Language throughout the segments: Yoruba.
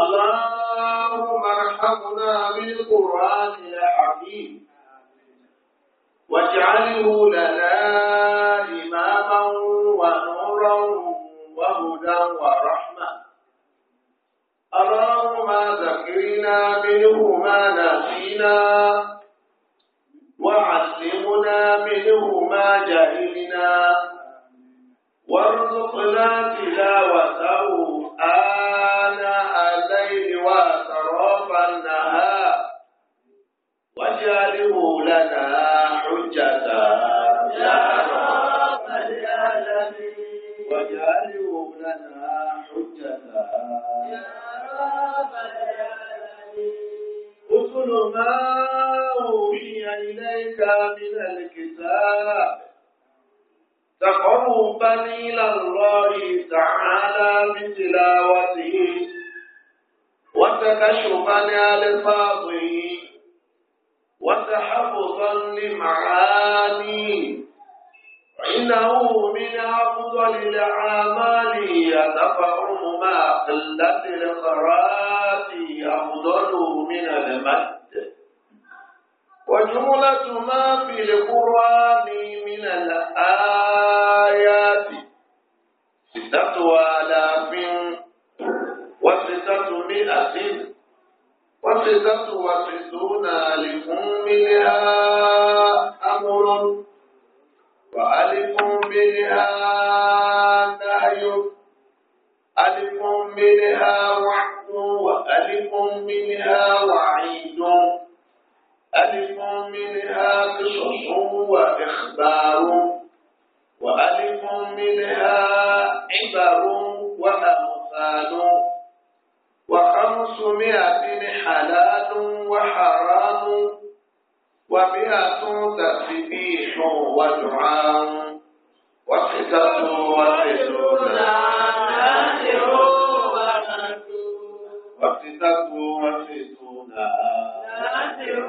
اللهم ارحمنا بالقرآن العظيم واجعله لنا إماما ونورا وهدى ورحمة اللهم ذكرنا منه ما نسينا وعلمنا منه ما جهلنا وارزقنا تلاوته آمين غفرناها واجعله لنا حجة يا رب العالمين واجعله لنا حجة يا رب العالمين اتل ما أوحي إليك من الكتاب تقربا إلى الله تعالى بتلاوته وتكشفا لألفاظه وتحفظا لمعاني إنه من أفضل الأعمال يتفهم ما قلت القراءة أفضل من المد وجملة ما في القرآن من الآيات ستة آلاف وستة وستمائة وستة وستون ألف منها أمر وألف منها نهي ألف منها وعد وألف منها وعيد ألف منها قصص وإخبار وألف منها عبر وأمثال خمسمائة حلال وحرام ومئة تسبيح ودعاء وستة وتسعون نادر وستة وتسعون نادر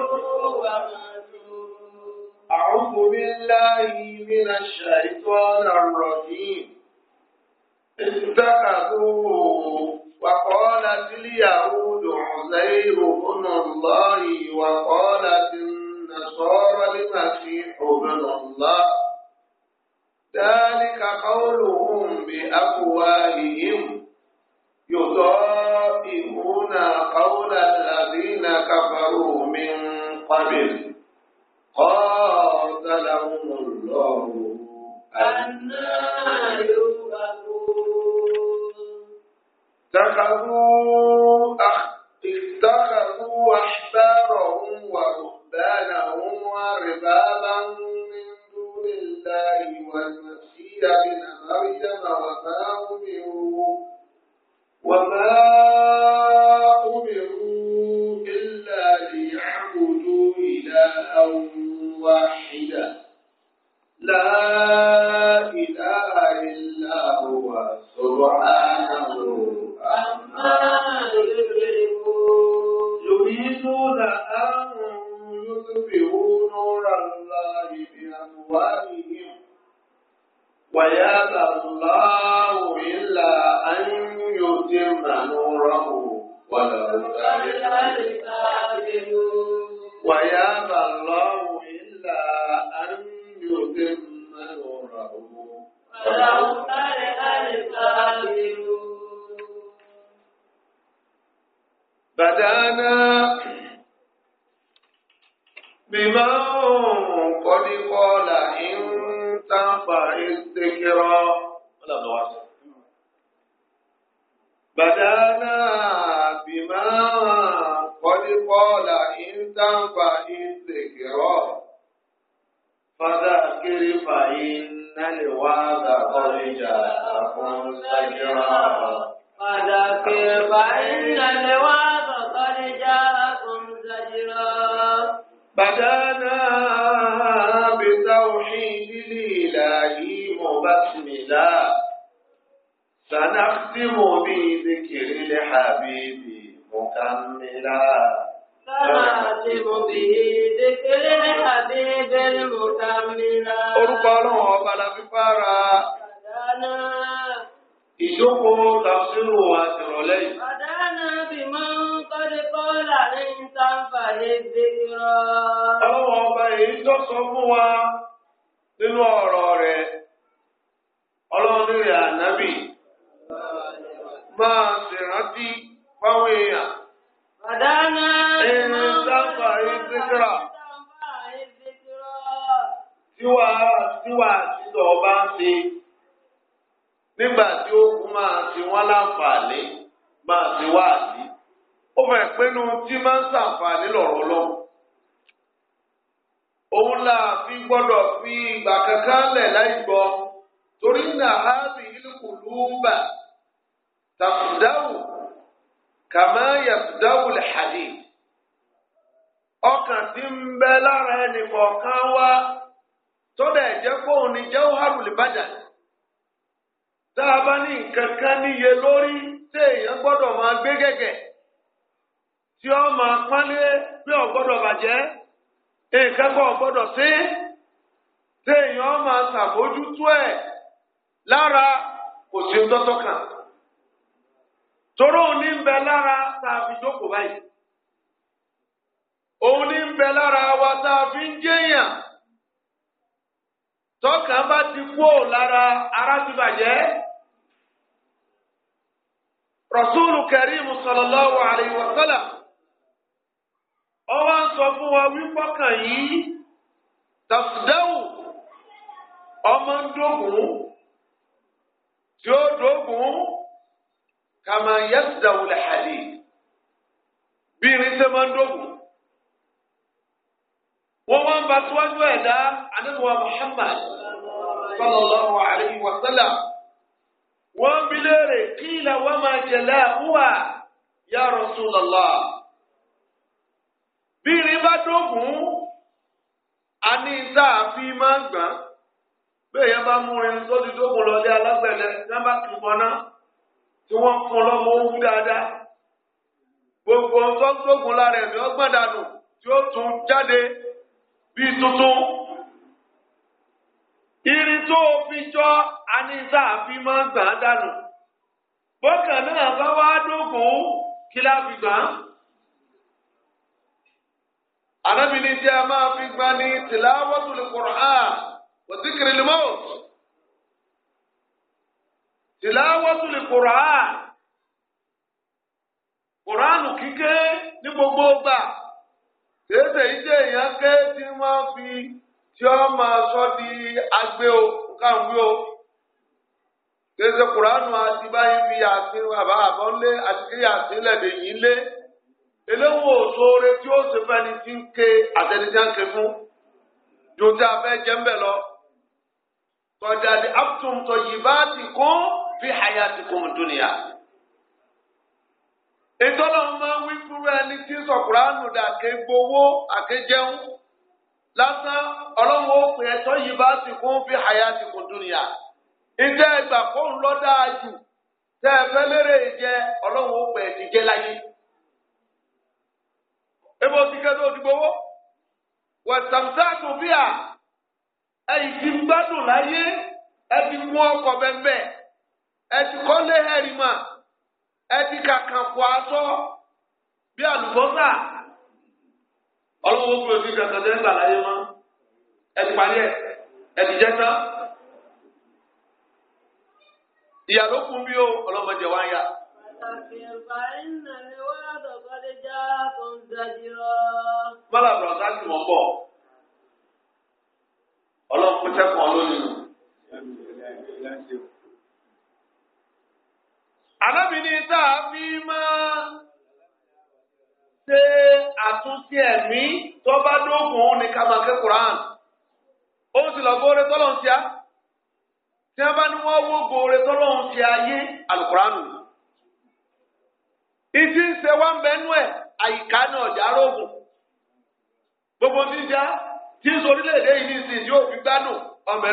أعوذ بالله من الشيطان الرجيم اتخذوا وقالت اليهود عزير بن الله وقالت النصارى المسيح بن الله ذلك قولهم بأقوالهم يضائفون قول الذين كفروا من قبل قاتلهم الله أنا يؤفكون اتخذوا اتخذوا أحبارهم ورهبانهم وربابا من دون الله والمسيح ابن مريم وما أمروا وما أمروا إلا ليعبدوا إلها واحدا لا إله إلا هو سبحانه عما يشركون يريدون أن يطفئوا نور الله بأموالهم ويأبى الله إلا أن يتم نوره ولو كره بدانا بما قد قال إن تنفع الذكرى ولا بواصل بدانا بما قد قال إن تنفع الذكرى فذكر فإن الوعد قد جاءكم سكرا بدانا بتوحيد الإلهي مبسملا سنختم بذكر الحبيب مكملا سنختم بذكر الحبيب المكملا أرقى الله بلا بفارا بدانا ìjókòó tàfsírù àtìrọ̀lẹ́ yìí. Ọ̀dánà bí máa ń kọ́lé kọ́lá ní sáfà èdè rọ. Ọlọ́wọ́ ọba èyí tó sọ fún wa nínú ọ̀rọ̀ rẹ̀. Ọlọ́run rẹ̀ ànábì máa ṣèrántí fáwọn èèyàn. Ọ̀dánà bí máa ń sáfà èdè rọ. Tiwa tiwa títọ̀ ọba ń ṣe. nígbà tí ó kú máa ṣe wọ́n láǹfààní máa ṣe wáàdí ó fẹ́ pinnu tí máa ń ṣàǹfààní lọ́rọ̀ lọ́wọ́ òun fi gbọ́dọ̀ fi ìgbà kankan lẹ̀ láì gbọ́ torí nàhábì ìlúkùlùmbà tàfùdáwù kàmá yàtùdáwù ọkàn ń bẹ lára ẹnì kọ̀ọ̀kan wá tó dẹ̀ jẹ́ kóun ní jẹ́wọ́ tá a bá ní nǹkan kan níye lórí tí èèyàn gbọ́dọ̀ máa gbé gẹ̀gẹ̀ tí ó máa pálé pé ó gbọ́dọ̀ bàjẹ́ nǹkan kan ó gbọ́dọ̀ sí tí èèyàn máa ṣàbójútó ẹ̀ lára kò sí dọ́tọ́ kan toró ní bẹ lára tá رسول كريم صلى الله عليه وسلم ó wá ń sọ fún wa wípọ́kàn yìí tafsidáwù ọmọ ń dógùn tí ó dógùn kàmá yasidáwù lẹ́hàdì bí irinṣẹ́ máa ń dógùn wọ́n wá ń bá tíwájú ẹ̀dá anáwó Muhammad sallallahu alayhi wa wọ́n bi léèrè kíìlà wọ́n máa jẹ̀lá wúwà ya Rasulullah. bí irin bá dógùn a ní tá a fi máa gbọ́n bẹ́ẹ̀ bá mú irin tó ti dógùn lọ́lé alágbẹ̀dẹ sábà kì í tí wọ́n fún lọ́mọ owó tó fi jọ́ anísà fi máa gbà á dànù bọ́kàn náà bá wá dógùn kí fi gbà á. arábìnrin n'i a máa fi gbà ní tìláwọ́tòlù Qur'an wa dhikril mawt tìláwọ́tòlù Qur'an Qur'an kíké ní gbogbo gbà tètè ìjẹ́ èèyàn tí wọ́n fi. tí ó máa sọ di agbé o káwé o gbèsè kuranu àti báyìí fi àsìn bàbá àbọ̀nlé àti kí àsìn lẹ́dẹ̀ yìí lé eléwọ̀n òṣòre tí ó sì fẹ́ni tí ń ké àtẹnidá ń ké fún ju tí a fẹ́ jẹ́ ń bẹ̀ lọ. tọ́jà ni àtúntò yìí bá ti kún fi àyà ti kún dúnìyà. ìtọ́nà máa ń wí fúru ẹni tí sọ̀kùránù dà ké gbowó àké jẹun. lásán ọlọ́run ó pè ẹ̀tọ́ yìí bá ti kún fi àyà ti kún dúnìyà ìjẹ́ ìgbà fóun lọ dáa jù tẹ́ ẹ fẹ́ lérè jẹ ọlọ́run ó pè ẹ̀tì jẹ láyé. ebo ti kẹ́ tó ti wẹ̀sàmùsáàtù bíà ẹ̀yìn ti gbádùn láyé ọlọ́wọ́ kúrò sí kankan tẹ́ ń gbà láyé mọ́ ẹ ti parí ẹ ẹ ti jẹ́ tán ìyàló kún bí o ọlọ́mọdé wa ń yá. Mọ́lá bọ̀rọ̀ ká mọ̀ bọ̀. Ọlọ́run tẹ́kọ̀ọ́ lónìí. Àlábìíní tá a fi máa. àtúntí ẹ̀mí tó bá dógùn òun ní ká máa ké Quran ó sì lọ gbóore tọ́lọ̀ ń tíá wọ́n bá ní wọ́n wó gbóore gbogbo ti ń já tí orílẹ̀-èdè yìí ní yóò fi gbádùn ọmọ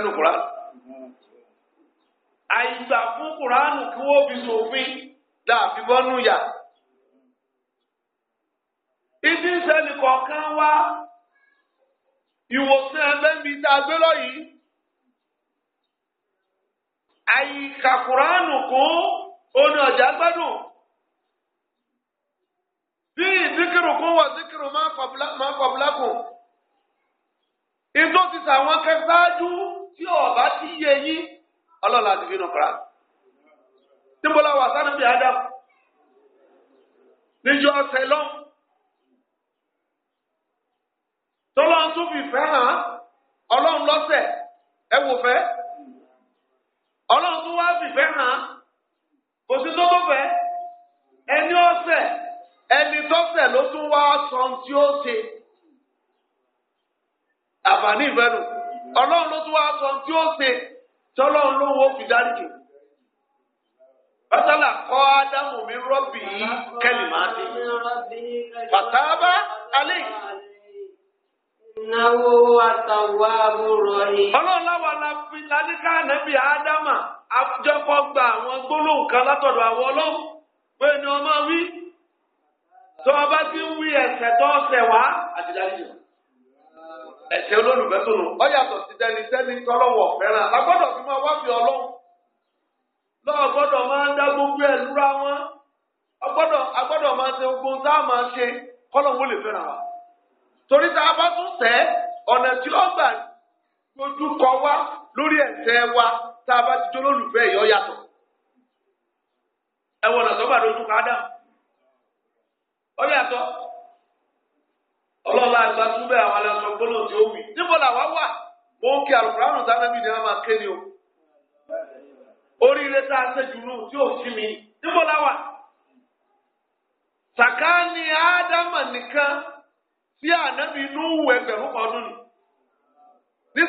ìdí ìṣẹ́ni kọ̀ọ̀kan wá ìwòsàn ẹlẹ́mi tá a gbé lọ yìí. àyíká kùránù kún oní ọ̀jà gbẹ́dùn. bí ìdíkìrù kún wọ díkìrù máa kọ̀bùlákùn. ìtò ti sàwọn kẹsàájú tí ọba ti yẹ yín ọlọ́la ti fi nù kọ́ra. níbo la wà sánú bí adam níjọ́ ọ̀sẹ̀ lọ́wọ́. tọ́lọ́ tún fi fẹ́ hàn ọlọ́run lọ́sẹ̀ ẹ wò fẹ́ ọlọ́run tún wá fìfẹ́ hàn kò sí tó tó fẹ́ ẹni ọ̀sẹ̀ ẹni tọ́sẹ̀ ló tún wá sọ tí ó ṣe àǹfààní ìfẹ́nu ọlọ́run ló tún wá sọ tí ó ṣe tọ́lọ́run ló wo fi dáríjì bàtàlà kọ́ ádámù mi rọ́bì yìí kẹ́lì máa dé bàtà Ìnáwó àtàwábù rọ̀hìn. Ọlọ́run láwa la fi láníká ànábì Ádámà àjọpọ̀ gba àwọn gbólóhùn kan látọ̀dọ̀ àwọn awọ pé ni ọmọ wí. Tó o bá ti ń wí wá. olólùfẹ́ tó Ó yàtọ̀ sí tọ́lọ́wọ̀ fẹ́ràn. fi máa wá fi gbọ́dọ̀ máa ń dá gbogbo ẹ̀ lúra wọn. Agbọ́dọ̀ máa ṣe gbogbo tá a máa torí tá a bá tún ọ̀nà tí ó gbà gbójú kọ wá lórí ẹ̀ṣẹ̀ wa tá a bá ti jó lólùfẹ́ ìyọ́ yàtọ̀ ọ̀nà tó gbà lójú ó yàtọ̀ àgbà tún bẹ́ẹ̀ àwọn aláṣọ tí ó wì níbo wà o oríire mi níbo sí ànábì Núhù ẹgbẹ̀rún kan ọdún ní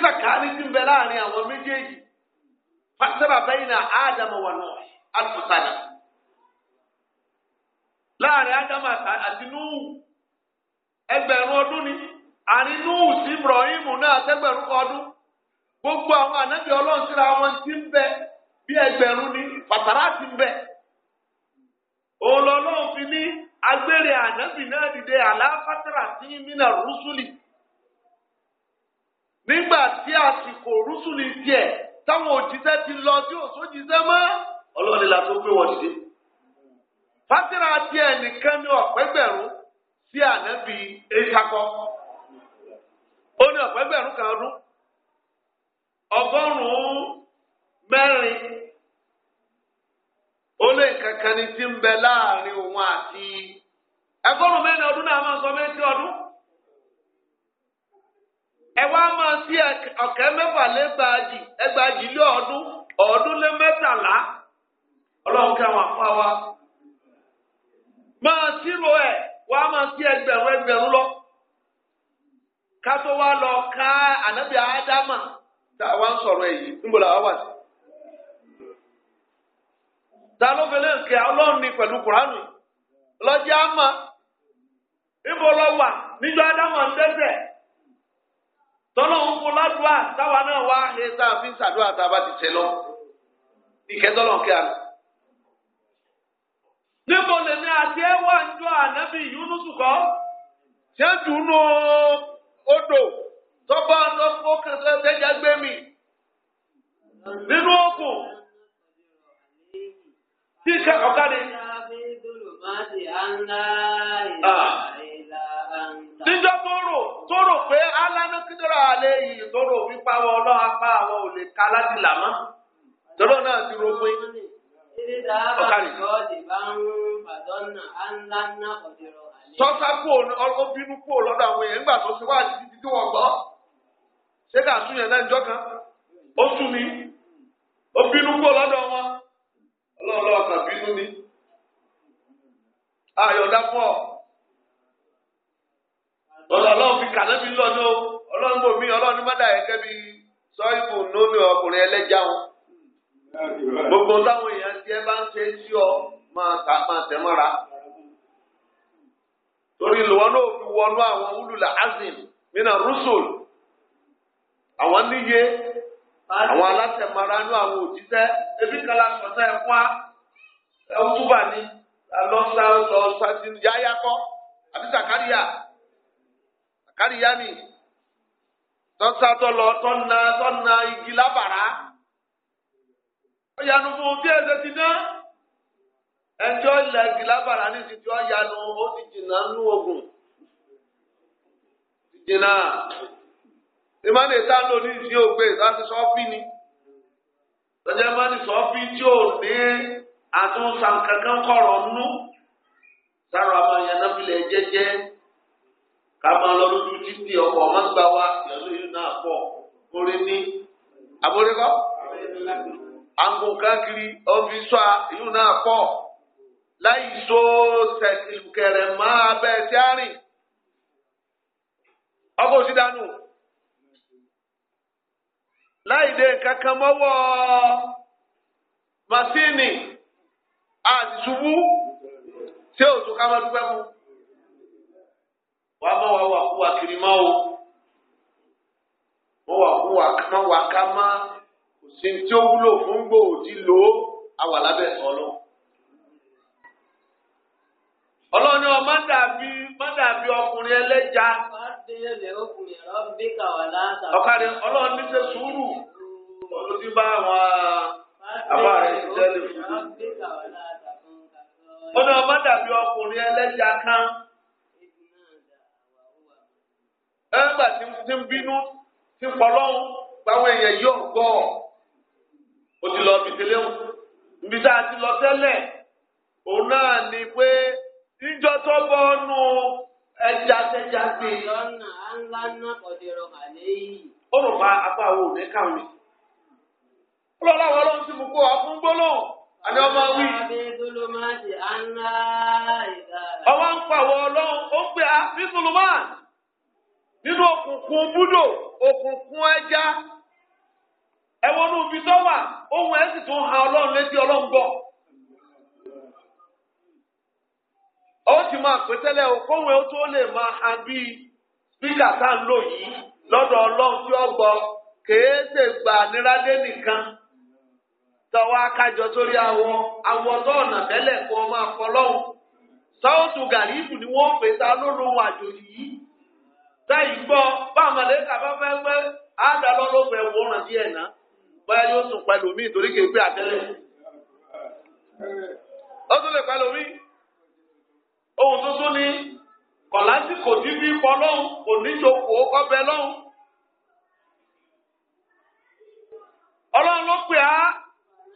ti ń bẹ láàrin àwọn méjèèjì pàṣẹbà bẹ́yìn náà ádámù wà náà àtúntàdà láàrin ádámù àti Núhù ẹgbẹ̀rún ọdún ni àrin Núhù sí ibrahimu náà àtẹgbẹ̀rún kan ọdún gbogbo àwọn ànábì Ọlọ́run síra wọn ti ń bẹ bí ẹgbẹ̀rún ni pàtàrà ti ń agbèrè ànábì náà dìde àlàáfátàrà sí mínà rúsùlì nígbà tí àsìkò rúsùlì tiẹ̀ táwọn òjíṣẹ́ ti lọ tí òṣòjíṣẹ́ mọ́ ọlọ́ọ̀ni la tó gbé wọn dìde fàtàrà tiẹ̀ nìkan ní sí ànábì ẹ̀ṣakọ́ ó ní ọ̀pẹ́gbẹ̀rún ó lè ti ń bẹ láàrin òun àti ẹgbọ́rún mẹ́rin ọdún náà máa sọ méjì ọdún. ẹ wá máa sí ọ̀kẹ́ mẹ́fà lẹ́gbàájì lé ọdún ọdún lé mẹ́tàlá ọlọ́run kí àwọn wa máa sírò ẹ̀ e, wá máa sí ẹgbẹ̀rún ẹgbẹ̀rún lọ ká tó wá lọ ká ànábì ádámà tá a wá ń èyí làwọn ta ló fẹlẹ́ ṣe ọlọ́run ni pẹ̀lú kuranu lọ́jọ́ àmọ́ ibo lọ wà níjọ́ adámọ̀ ń dẹ́sẹ̀ tọ́lọ́hún fún ládùá táwa náà wá ṣe tá a fi ń ṣàdúrà tá a bá ti ṣe lọ ìkẹ́tọ́lọ́ kí a. níbo lèmi àti ẹ wà ń jọ ànábì Yúnúsù kọ́ ṣé dùnú odò tọ́gbọ́n tó fọ́ kẹsẹ̀ tẹ́jà gbé mi nínú òkun tí ká ọ̀ká ni. Níjọ́ tó rò tó rò pé Alánú kíndọ́rọ̀ alẹ́ yìí tó rò wípé àwọn ọlọ́run apá àwọn ò lè láti là mọ́. Tọ́lọ́ náà ti ro pé. Ọ̀ká ni. Tọ́sá kú obìnrin kú lọ́dọ̀ àwọn èèyàn nígbà tó ti wá àti títí tí wọ́n gbọ́. Ṣé kà sún yẹn náà níjọ́ kan? Ó sún mi. Obìnrin kú lọ́dọ̀ wọn. ọlọ́ọ̀lọ́ ọ̀sán bínú ni ayọ̀dá pọ̀ fi kànáà mọ́dà ẹ̀kẹ́ ọkùnrin ẹlẹ́jà wọn gbogbo táwọn èèyàn bá ń ṣe sí ọ máa ta máa tẹ̀ mọ́ra torí lùwọ́n náà fi wọnú àwọn ulul azim mina àwọn aláṣẹ maranú àwọn òjíṣẹ́ ebi kala sọ̀tà ẹ̀ fún ni lọ́sà lọ sàtìrì yáyá sàkáríyà sàkáríyà ni tọ́sà tọ́lọ igi lábàrá ó fún bí ẹsẹ̀ ti dán ẹjọ́ ilẹ̀ igi lábàrá ní ti tí ó ti jìnnà nú ogun ìmọ̀lẹ̀ ìta ló ní ìsìn ògbé láti sọ́ọ́fì ni lọ́jọ́ ìmọ̀lẹ̀ sọ́ọ́fì tí ò ní àtúnṣà kankan kọ̀rọ̀ nú sára ọmọ yẹn náà fi lè jẹ́jẹ́ ká máa lọ lójú títì ọkọ̀ ọmọ gbà wá ìyàlú yìí náà pọ̀ orí ní àbóríkọ́ àǹgùn káàkiri ọ́fíìsà yìí náà pọ̀ láì so tẹ̀síkẹrẹ máa bẹ́ẹ̀ sí àárín ọkọ̀ òsì dànù láì dé nǹkan masini mọ́wọ́ masíìnì àtìṣubú tí ò tún ká máa dúpẹ́ mu. wàá máa wá wà fún wa kiri máa o wọ́n wà fún wa kò sí tí ó wúlò fún gbòòdì lò ó àwà lábẹ́ sọ̀rọ̀. ọlọ́ni ọ má dàbí má dàbí ọkùnrin ẹlẹ́ja. ọ̀kadì ọlọ́ni ṣe sùúrù bá àwọn lè fún un. má dàbí ọkùnrin ẹlẹ́ja kan. ẹgbà tí n ti bínú ti ń pọlọ́hún gbàwọn èèyàn yóò lọ ti lọ tẹ́lẹ̀ òun níjọ tó bọ́ ọnu ẹja tẹja gbé. lọ́nà apá wo òní káwé. ọlọ́lá wọn ló ń ti mú kó ọkùn gbólóhùn ọmọ wí. ń ọlọ́run ó ń pè á ní nínú òkùnkùn búdò òkùnkùn ẹja ha ọlọ́run létí ọlọ́run gbọ́. ó ti máa pè tẹ́lẹ̀ o tó lè máa ha bí spíkà tá ń lò yìí lọ́dọ̀ ọlọ́run tí ó gbọ́ kèé ṣe gbà nírádé nìkan tọwọ́ akájọ sórí awọ tó ọ̀nà tẹ́lẹ̀ kó o máa fọ lọ́hùn sọ́ọ̀tù gàríìbù ni wọ́n pè ta lóru àjò yìí táyì gbọ́ bá fẹ́ yóò tún pẹ̀lú mi torí pé àtẹ́lẹ̀ ó tún lè pẹ̀lú ohun tuntun ni kọ̀láńtì kò ní bí pọ̀ lọ́hùn kò ní jókòó ọbẹ̀ lọ́hùn. ọlọ́run ló pè á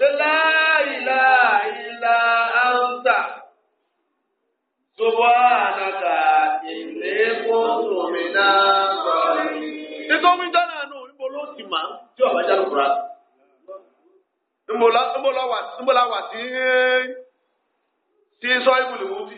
lẹ́lá ìlà ìlà áńtà tó bá àdàkà ìlé fóònù mi náà sọ̀rọ̀. nítorí jọ́nà àánú níbo ló ti mà á tí ọ̀bá jáde kúra. níbo la wà sí sí sọ ibùdó wọ́n fi.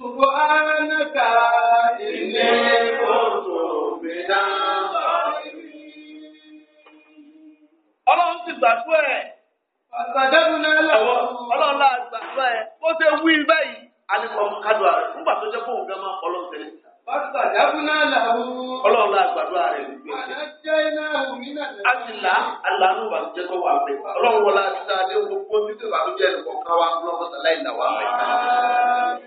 سبحانك ọlọ́run ti gbàgbọ́ ẹ̀. àgbàdàbùnà lọ́wọ́. ọlọ́run la gbàgbọ́ ẹ̀. ó ṣe wí báyìí. alẹ́kọ̀ọ́ kájọ rẹ̀ nígbà tó jẹ́ kó òun gẹ́gẹ́ ọlọ́run tẹ̀lé. àgbàdàbùnà lọ́wọ́. ọlọ́run la gbàgbọ́ rẹ̀ a jẹ́ kó wà ọlọ́run wọlé àti gbogbo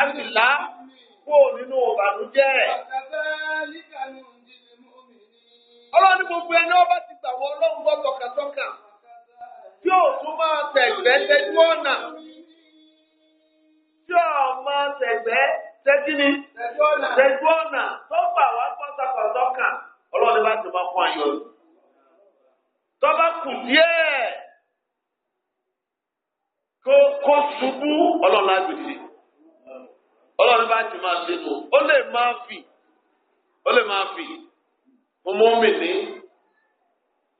Àtìlá kó nínú ìbànújẹ́. Ọlọ́run gbogbo ẹni ọba ti gbàwọ́ ọlọ́run gbọ́ tọkàtọkà. Tí ò tún máa tẹ̀gbẹ́ tẹ́jú ọ̀nà. Tí ò máa tẹ̀gbẹ́ tẹ́jú ni. Tẹ́jú ọ̀nà tó gbà wá gbọ́ tọkàtọkà. Ọlọ́run bá ti máa fún ayọ̀. Tọ́ba kù díẹ̀. kó kó ṣubú ọlọ́run àgbèsè ọlọ́run bá ti máa ṣe nù ó lè máa fì ó lè máa fì ọmọ mi ní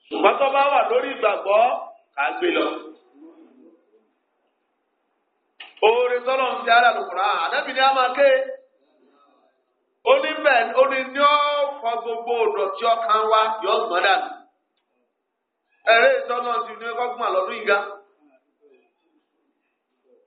ṣùgbọ́n tó bá wà lórí ìgbàgbọ́ kà á gbé lọ. oore ń fi ara ànábì a máa ké onímẹ̀ oní ní ó fọ gbogbo ìdọ̀tí ọkàn wa yóò gbọ́n dànù ẹ̀rẹ́ ìtọ́nà ti ní ọgbọ́n àlọ́dún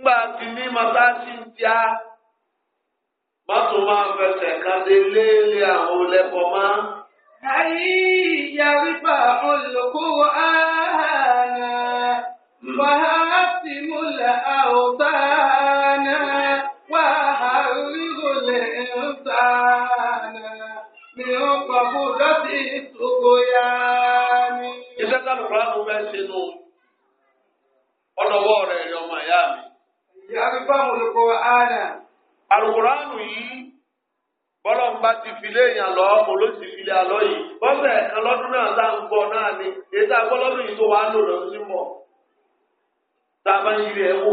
ngba tí ní ya ń já mọ́tò máa fẹsẹ̀ kan dé léèlé àwọn olẹ́kọ̀ọ́ máa. Àyí ìyàrípa olùkówó àhánà, wàhálà tí mo là àwòtánà, wàhálà ríro lè ń sàánà, mi ò pàbó ni. Iṣẹ́ sálùkúrá mo fẹ́ ṣe nù, ọlọ́wọ́ rẹ̀ rí ọmọ mi. yàgbẹ́fàmù ló kọ́ ànà. alukuraanu yìí bọ́lá ń ti file èèyàn lọ olóòtú filé file yìí bọ́sẹ̀ ẹ̀kan lọ́dún náà tá ń gbọ́ náà ni èyí yìí tó wàá lò lọ sí mọ̀ ń yiri wò.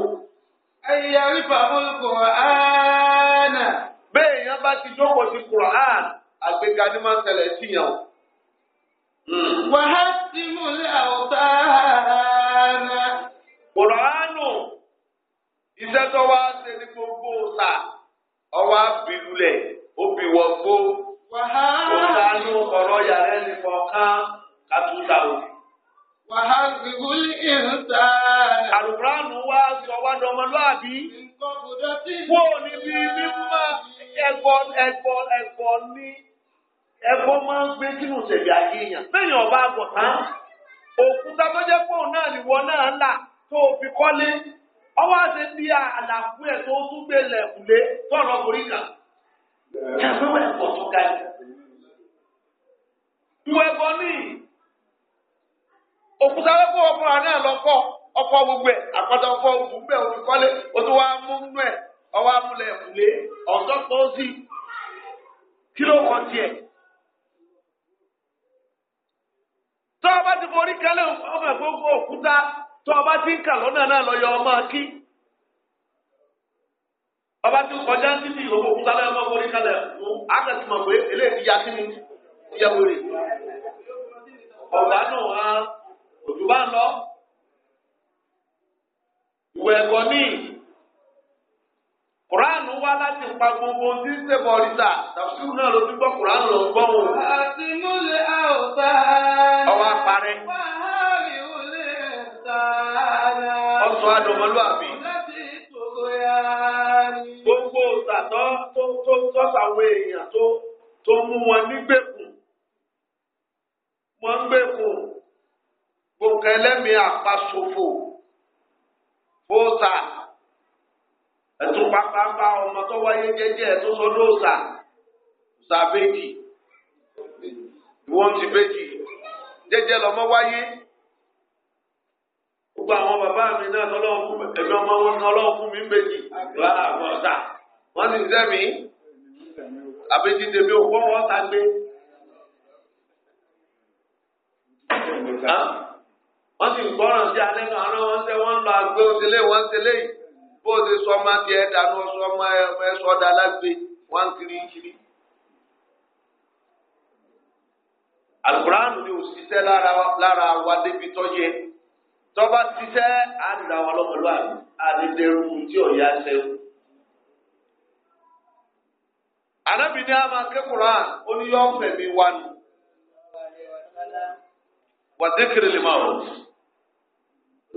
bẹ́ẹ̀ iṣẹ́ tó wá ṣe ní gbogbo ọ̀sà ọwọ́ àbílulẹ̀ òbí wọ́n gbó òsànù ọ̀rọ̀ yàrá ẹni kọ̀ọ̀kan kàtúntà o. Wàhálùbíwúl ìrúta. Àlùbárànù wá sí ọwọ́ dọmọlúàbí. Wọ́n ò bí mímọ́ ẹ̀gbọ́ ẹ̀gbọ́ ẹ̀gbọ́ ní ẹ̀gbọ́ máa ń gbé sínú Bẹ́ẹ̀ni ọba àgọ̀tán, òkúta tó jẹ́ pé náà nìwọ náà ń là tó fi kọ́lé. ọwọ́ àti bí àlàfo ẹ̀ tó tún gbé lẹ̀kùlé tọ̀rọ̀ orí ní òkúta wẹ́pọ̀ ọkùnrin náà gbogbo ẹ̀ gbogbo ọwọ́ amúlẹ̀ ọ̀tọ́ pọ̀ sí kí ló tó ọba ti ń kà lọ́nà náà ọmọ ọba ti kọjá títí ìrọ̀wọ́ fún ọmọ orí kalẹ̀ fún pé eléyìí ya ọ̀gá ń lọ ìwẹ̀ ẹ̀kọ́ ní kùránù wá láti pa gbogbo tí ń ọ̀sọ̀ àdọ̀mọ́lúàbí. Gbogbo ìtàtọ́ tó tọ́sàwọ̀ èèyàn tó mú wọn nígbèkùn. Wọ́n ń gbèkùn gbòǹkà ẹlẹ́mìí àpaṣòfò fóòsà. Ẹ̀tún pápá bá ọmọ tó wáyé jẹ́jẹ́ ẹ̀ tó sọdọ́ òsà. Òsà bèjì. Ìwọ́n ti bèjì. Jẹ́jẹ́ lọ́mọ wáyé gbogbo àwọn bàbá mi náà tọ́lọ́wọ́ fún mi ẹ̀mí ọmọ wọn náà lọ́wọ́ fún mi ń bèjì rárá àwọn ọ̀tá wọ́n ti ń sẹ́mi àbèjì tèmi ò gbọ́ wọn ta gbé. wọ́n ti gbọ́ràn sí alẹ́ náà àná wọ́n ṣe wọ́n ń lọ àgbẹ̀ òṣèlè wọ́n ṣẹlẹ̀ yìí bó o ti sọ ọmọ ti ẹ̀ dànù ọ̀ṣọ́ ọmọ ẹ̀ sọ́dà lágbè wọ́n ń kiri kiri. alukuraanu ni òṣìṣẹ́ lára wa débi tọ́jú ẹ̀ tọ́ba ṣiṣẹ́ àdìdá wa lọ́pọ̀lọ́ àdìdẹ́rù tí ò yá ṣe. Ànábì ní àmà kékùrá oníyọ́fẹ̀ mi wá nù. Wàdíkìrì lè máa wò.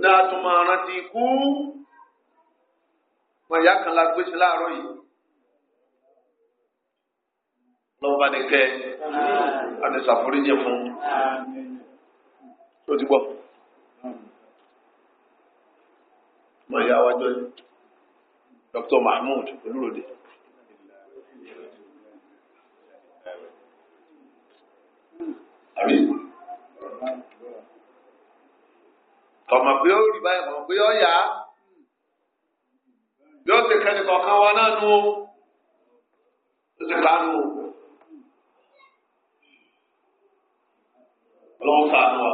Náà tún máa rántí ikú. Wọ́n ìyá kan la gbé sí láàárọ̀ yìí. Lọ́ba ni kẹ́ ẹ̀ àti ṣàforíjì fún. Tó ti gbọ́. mọ ìyá wájọ ni Dr. Mahmood Olúròde. àbí kọ̀mọ̀ pé ó rí báyìí kọ̀mọ̀ pé ó yá yóò ti kẹ́ni kọ̀ọ̀kan wa náà nù ó ti ká nù ó. ọlọ́run sáà nù wa.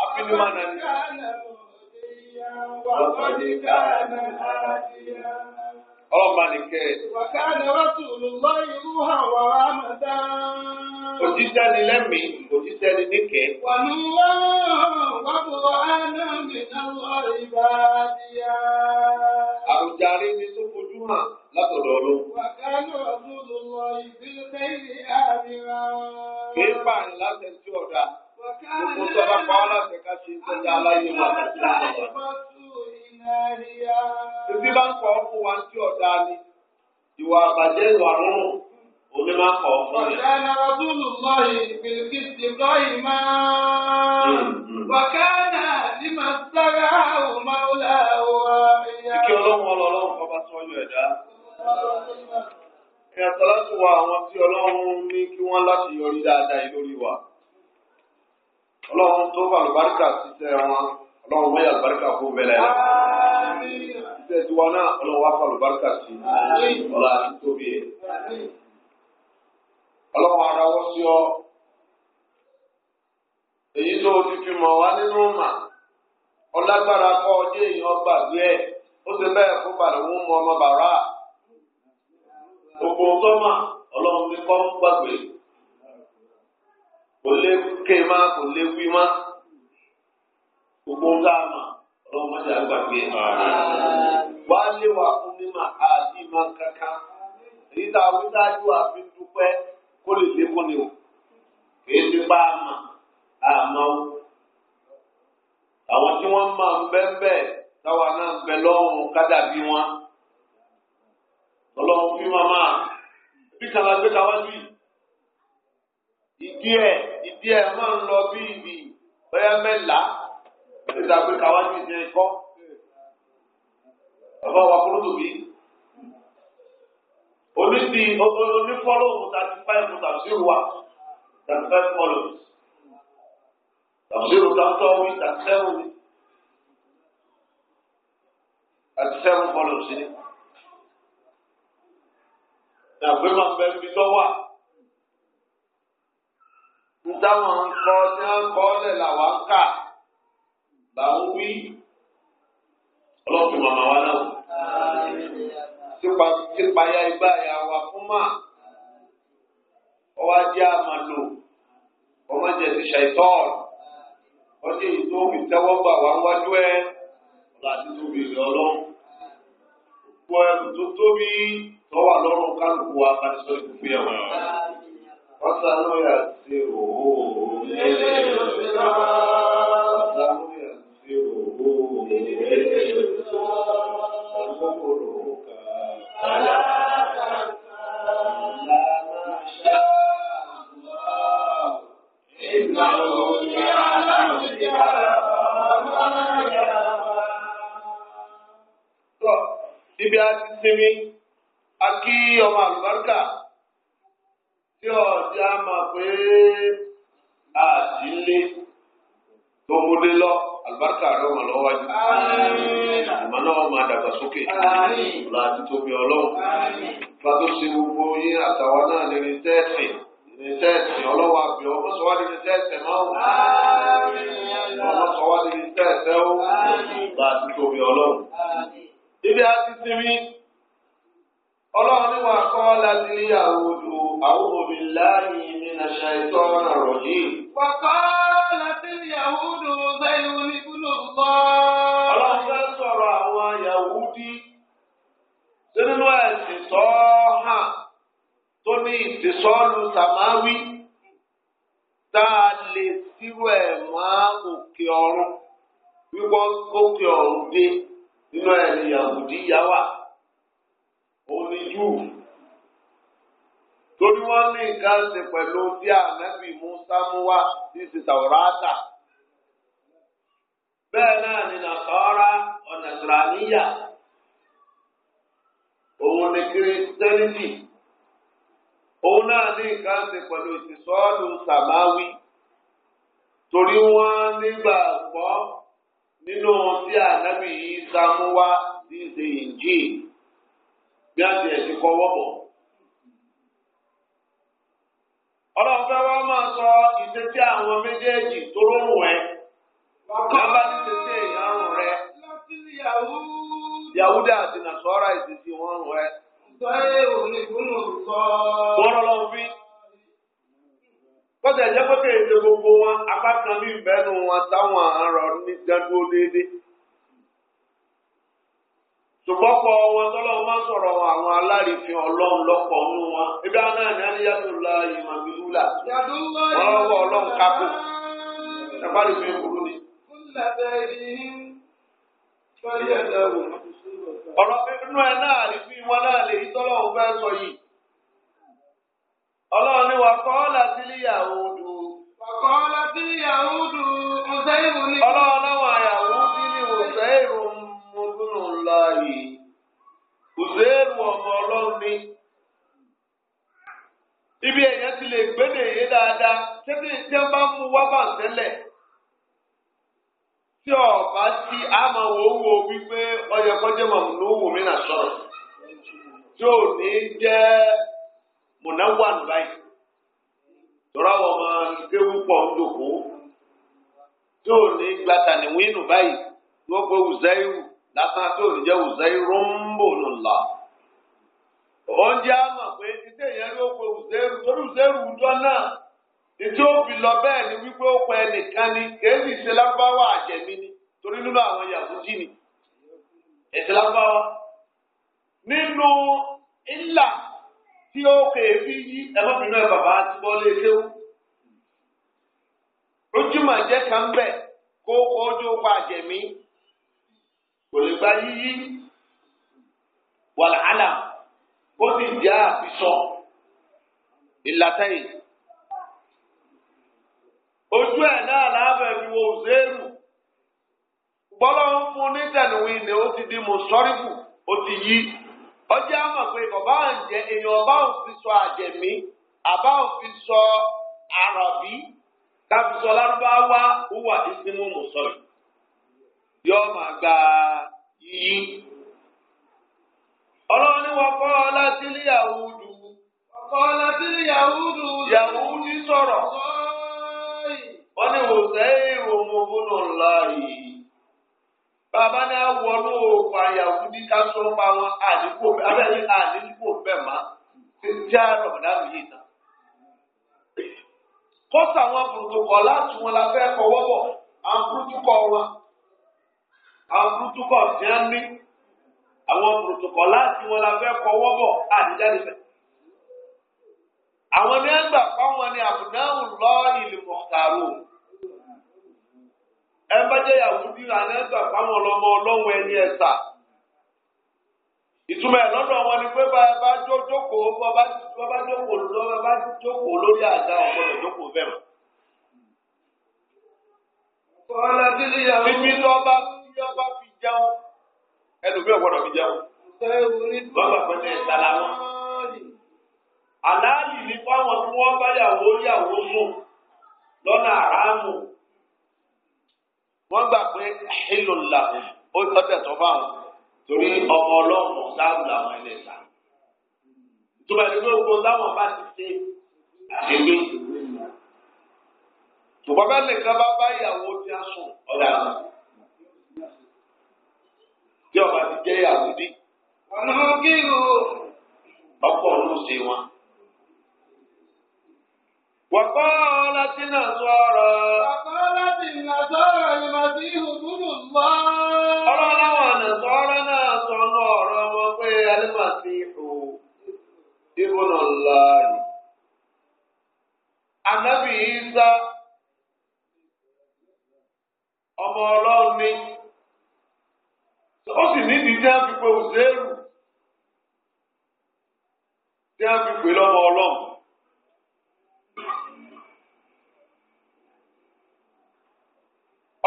أبنوانا وقد كان هاديا Gbogbo tó bá pa ọ́ láti ká ṣe ń tọ́jà aláyé wa. Ibi bá ń kọ́ fún wa tí ọ̀dà ni. Ìwà àbàjẹ́ ìwà rúrùn omi máa kọ̀ fún mi. Wàkàna Rasulullahi Bilkisi Ibrahima. Hmm, hmm. Wàkàna Lima Sara Umaula wa. Ike ọlọ́run ọlọ́run kọ́ bá tọ́jú ẹ̀dá. Ìyàtọ̀ láti wá àwọn tí ọlọ́run ní kí wọ́n láti yọrí dáadáa lórí wa ọlọ́run tó wà lùbáríkà ṣiṣẹ́ wọn ọlọ́run wọ́n yà lùbáríkà fún bẹ́lẹ̀ ṣiṣẹ́ tiwa náà ọlọ́run wà fà lùbáríkà sí ọlọ́run àti tóbi ẹ̀. ọlọ́run ara wọ́n sí ọ èyí tó o ti fi mọ̀ wá nínú mà ọlágbára kọ́ ọdí èèyàn gbàgbé ẹ̀ ó ti bẹ́ẹ̀ fún bàdàmú mọ́ ọmọ bàrà gbogbo tó mà ọlọ́run ní kọ́ gbàgbé kò lè ké má kò lè wí má gbogbo ńlá mà ọlọ́run má dàgbà gbé wá lé wa fún mímà àbí má kankan èyí tá a wí dájú àfi dúpẹ́ kó lè lékún ni o kìí ti bá a mà àmọ́ àwọn tí wọ́n máa ń bẹ́ bẹ́ẹ̀ táwa náà ń bẹ lọ́rùn kádàbí wọn ọlọ́run fi máa máa bí kàlá gbé kàwá ìdí ẹ̀ ìdí ẹ̀ máa ń lọ bí ibi bẹ́ẹ̀ mẹ́la nígbà pé káwájú ìdí ẹ̀ kọ́ bàbá wa kúrò tóbi onídìí onífọ́lọ́hùn thirty five tàbísírù wa thirty five follows tàbísírù tàbítọ́ wí thirty seven wí thirty seven follows ni. Nàgbé máa bẹ ibi tó wà nítawọn ń kọ tí wọn ń kọ ọlẹ làwọn ń kà làwọn wí ọlọ́pìn màmá wa náà sípayá igbá ya wa fún mà ọwọ́ ajé àmàlò ọmọdé ti ṣàìtọ́ọ̀rù ọdí èyí tó fi tẹ́wọ́ gbà wá wájú ẹ láti tóbi rẹ ọlọ́run gbọ́ ẹ̀rù tó tóbi tọ́wà lọ́rùn kálukú wa kánisọ́ ìdúgbò ẹ̀wọ̀n. وسنيسره لليسرى سنيسره لليسرى سنذكرك فلا تنسى ما شاء الله إنه يعلم الجهر وما يخفى. Ibi a ti sinmi, a kí ọmọ àlùbáríkà tí ọ̀já mọ̀ pé àdílé tó múlé lọ àlùbáríkà rẹ̀ wọ̀n lọ́wọ́ wájú. àmọ́ náà máa dàgbà sókè ọ̀la tóbi ọlọ́run. ìfà tó gbogbo yín àtàwọn náà nínú tẹ́ẹ̀sì nínú tẹ́ẹ̀sì ọlọ́wọ́ àbí ọmọ sọ wá nínú tẹ́ẹ̀sì mọ́. ọmọ sọ wá nínú tẹ́ẹ̀sì ó. ọ̀la tóbi ọlọ́run. ibi a ti sinmi ọlọ́run ní wàá kọ́ láti ní àwòdù àwòdù mi láàyè nínú ṣàìtọ́ ọ̀rọ̀ yìí. wàá kọ́ láti ní àwòdù sẹ́yìn oníkúlò gbọ́. ọlọ́run fẹ́ sọ̀rọ̀ àwọn Yahudi nínú ẹ̀sìn tó hàn tó ní ìdísọ́ọ̀lù sàmáwí tá a lè sírò ẹ̀ mọ́ òkè ọ̀run wíwọ́n gòkè ọ̀run dé nínú ẹ̀sìn Yahudi yá wà òní jù torí wọ́n ní nǹkan ṣe pẹ̀lú bí ànábì Musa mú wá ní ti Tàwùrátà bẹ́ẹ̀ náà ni nàkọọrá ọ̀nà ìràníyà òun ni kìrìsìtẹ́nìtì òun náà ní nǹkan ṣe pẹ̀lú ìsìsọ́ọ̀lù sàmáwí torí wọ́n nígbàgbọ́ nínú tí ànábì yìí sá mú wá ní bí a ti ẹ̀sìn kọ́ wọ́pọ̀. ọlọ́run fẹ́ máa sọ ìṣesí àwọn méjèèjì tó rọrùn ẹ̀ lábá ní ṣeṣe rẹ̀ Yahuda àti Nasara ìṣesí wọn rùn ẹ̀. wọ́n rọ́ lọ́wọ́ kọ́sẹ̀ gbogbo wọn apá kan bí ìbẹ́nu wọn arọ ní dádúró déédéé. ṣùgbọ́n kọ wọn tọ́lọ́wọ́ máa ń sọ̀rọ̀ àwọn alárífin ọlọ́run lọ́pọ̀ ọ̀nù wọn ibi àwọn náà ní ma la ìmọ̀ bíbúlà ọlọ́wọ́ ọlọ́run kápò ẹ̀fárífin burú ni. ọ̀rọ̀ inú ẹ̀ náà wọn náà lè yí tọ́lọ́wọ́ fẹ́ sọ yìí. ọlọ́run ni wà kọ́ láti Yahudu. wà kọ́ láti láàyè òṣèlú ọmọ ọlọ́run ní ibi èèyàn ti lè gbédè yé dáadáa tẹ́tí tí wọ́n bá mú wá bá tẹ́lẹ̀ tí tí a máa wò ó wo wípé ọyọ kọjá màmú ló mí tí ò ní jẹ́ mùnáwá nìbáyìí tọ́ra wọn lásán tí ò ní jẹ́ uzairu ń bò nù là. pé títí èèyàn ló pe torí uzairu jọ náà ó fi lọ bẹ́ẹ̀ ni wípé ó nìkan ni kéèsì ṣe lágbáwá àjẹmí ni torí nínú àwọn yahudi ni lágbáwá. nínú ìlà tí ó kèéfì yí ẹlọ́bìnrin bàbá ti bọ́ lé kéwú. ojúmọ̀ jẹ́ kan kó kò lè gba yíyí wàhálà ó sì jẹ́ àfisọ ìlàtẹ̀yìn. ojú ẹ̀ náà láàbẹ̀ fi wo òṣèlú bọ́lá ń fún ní tẹ̀lùwìn ni ó ti di mùsọ́rìfù ó ti yí ọjọ́ àmọ̀ pé bàbá àǹjẹ èèyàn ọba ò sọ àjẹmí àbá ò sọ àràbí tàbí lárúbáwá ó wà ní yóò máa gba yíyí. ọlọ́run ní wọ́n kọ́ láti ilé Yahudu. ọkọ láti ilé Yahudu. Yahudi sọ̀rọ̀. wọ́n ní wò sẹ́yìn òmùbùnú ńlá yìí. bàbá ní àwọn olóòpá Yahudi ká sọ pa wọn àdínkù abẹ́rẹ́ àdínkù bẹ́ẹ̀ má. ti já rọ̀dá mi yìí tán. kọ́sà wọn burúkú kọ́ láti wọn la fẹ́ kọ́ wọ́pọ̀ àwọn burúkú kọ́ wọn àwọn protocol ti á ní àwọn protocol láti wọn la fẹ́ kọwọ́ bọ̀ àdìjáde fẹ́. àwọn ní ẹgbà fáwọn ni àbùdáhùn lọ ìlú mọ̀tàrú ẹ bá jẹ́ ìyàwó bí àná ẹgbà fáwọn ọlọ́mọ ọlọ́run ẹni ẹ̀sà ìtumọ̀ ẹ̀ lọ́dọ̀ wọn ni pé bá ẹ bá jókòó bá bá jókòó lọ́wọ́ bá jókòó lórí àga ọ̀gbọ́dọ̀ jókòó bẹ́ẹ̀ mọ́. Bíbí tó bá tí wọ́n bá fi jẹun ẹlòmíì ọ̀gbọ́dọ̀ fi jẹun lọ́gbà pé ní ìtara wọn. àlàálì ní fáwọn tí wọ́n bá yàwó yàwó sùn lọ́nà àràmù wọ́n gbà pé ìlòlà ó tọ́tẹ̀ tó fáwọn torí ọmọ ọlọ́mọ sáàmù làwọn ilé ta. ìtura ìdílé ogun táwọn bá ti ṣe èmi. ṣùgbọ́n bẹ́ẹ̀ nìkan bá bá ìyàwó tí sùn ọ̀dà tí ọba ti jẹ́ àbúdí. ọ̀nà kíru. ọ̀pọ̀ ló ṣe wọn. wàkọ́ láti náà sọ̀rọ̀. wàkọ́ láti náà sọ̀rọ̀ ìmọ̀sí ìhùkúrù mọ́. ọ̀rọ̀ láwọn àna sọ̀rọ̀ náà sọ ọ́nà ọ̀rọ̀ wọn pé alimọ̀sí ìhù ìbùnà láàyè. Ànábì Ìsá ọmọ ọlọ́run pe òṣèlú tí a fi pè lọ́mọ ọlọ́run.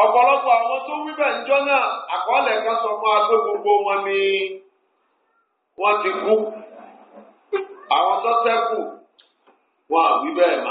ọ̀pọ̀lọpọ̀ àwọn tó wí bẹ́ẹ̀ níjọ́ náà àkọọ́lẹ̀ kan sọ fún agbé gbogbo wọn ni wọ́n ti kú àwọn tó ṣẹ́kù wọn àwí bẹ́ẹ̀ má.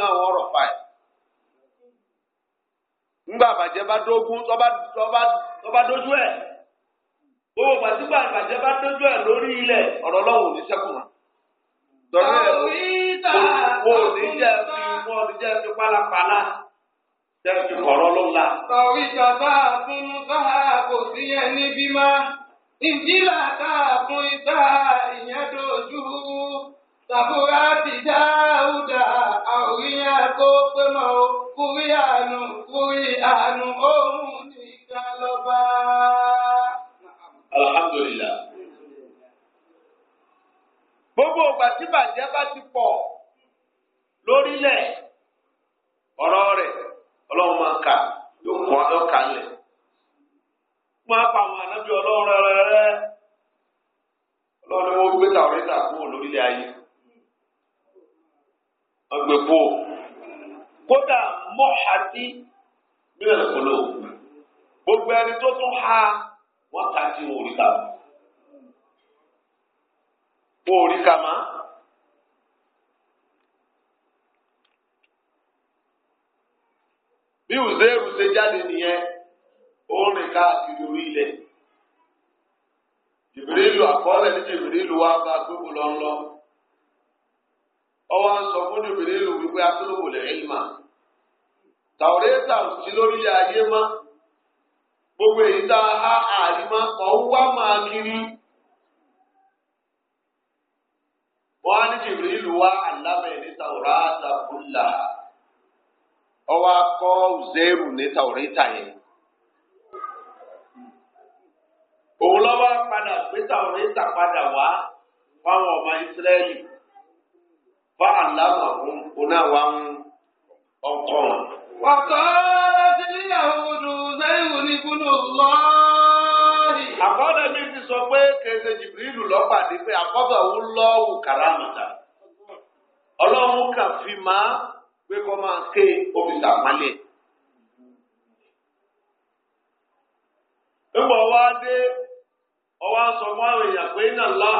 náà wọ́n rọ̀ fáì ńgbà àbàjẹ́ bá dógún dójú ẹ̀ gbogbo gbàdúgbà bá dójú ẹ̀ lórí ilẹ̀ ọ̀rọ̀ lọ́wọ́ ò ní sẹ́kùnrin tọ́lá ẹ̀ kò ní jẹ́ fi ní jẹ́ fi pálapàla jẹ́ fi kọ̀rọ̀ ló sáà kò sí ẹni sàbúrà dáúdà àwòríyá kó pé mọ́ o kúrí àánú kúrí àánú òun nìkan lọ́ba. alhamdulillah. gbogbo ìgbà tí bàjẹ́ bá ti pọ̀ lórílẹ̀. sí ní gbogbo ẹni tó tún ha wọ́n ta sí wọn òrìkà wọn bí Uzairu ṣe jáde nìyẹn ó ń rìn káàkiri orí ilẹ̀ àkọọ́lẹ̀ ní jìbìrìlù wa bá gbogbo lọ́nlọ́ ọwọ́ ń sọ fún jìbìrìlù wípé atúlùwò lè tàwọ̀rẹ́tà ò sí lórílẹ̀ ayé mọ́ gbogbo èyí tá a àrímọ́ ọ̀hún wá máa kiri. wọ́n á ní jìbìrìlù wá àlámẹ̀ ní ọwa kọọ ọwọ́ akọ́ zẹ́rù ní tàwọ̀rẹ́tà yẹn. òun lọ́wọ́ padà gbé padà wá fáwọn ọmọ ìsírẹ́lì fáwọn àlámọ̀ òun وقالت اليهود زيغ ابن الله àkọ́dọ̀ mi ti sọ pé kẹsẹ̀ jìbìrìlù lọ́pàdé pé àkọ́bẹ̀ òun lọ́wù kàràmùtà ọlọ́run kà fi máa pé kọ́ máa ké omi sàpálẹ̀. nígbà wá dé ọwọ́ sọ fún àwọn èèyàn pé iná lọ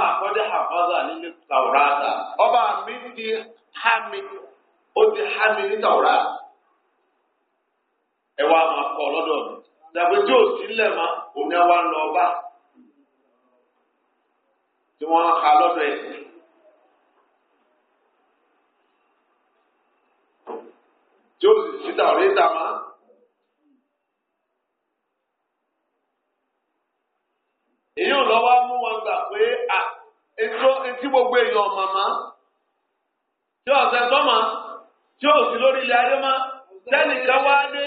ọba mi ti ó ti ẹ wá máa kọ lọ́dọ̀ mi dàbí tí ò sílẹ̀ mọ́ òun ẹ wá ń lọ bá tí wọ́n á ka lọ́dọ̀ ẹ̀. tí ó sì síta ọ̀rẹ́ ta mọ́. èyí ò lọ wá mú wọn gbà pé à etí gbogbo èèyàn màmá tí ọ̀sẹ̀ tọ́ mọ́ tí ò sí lórí ilẹ̀ ayé mọ́ sẹ́nìkan wá dé.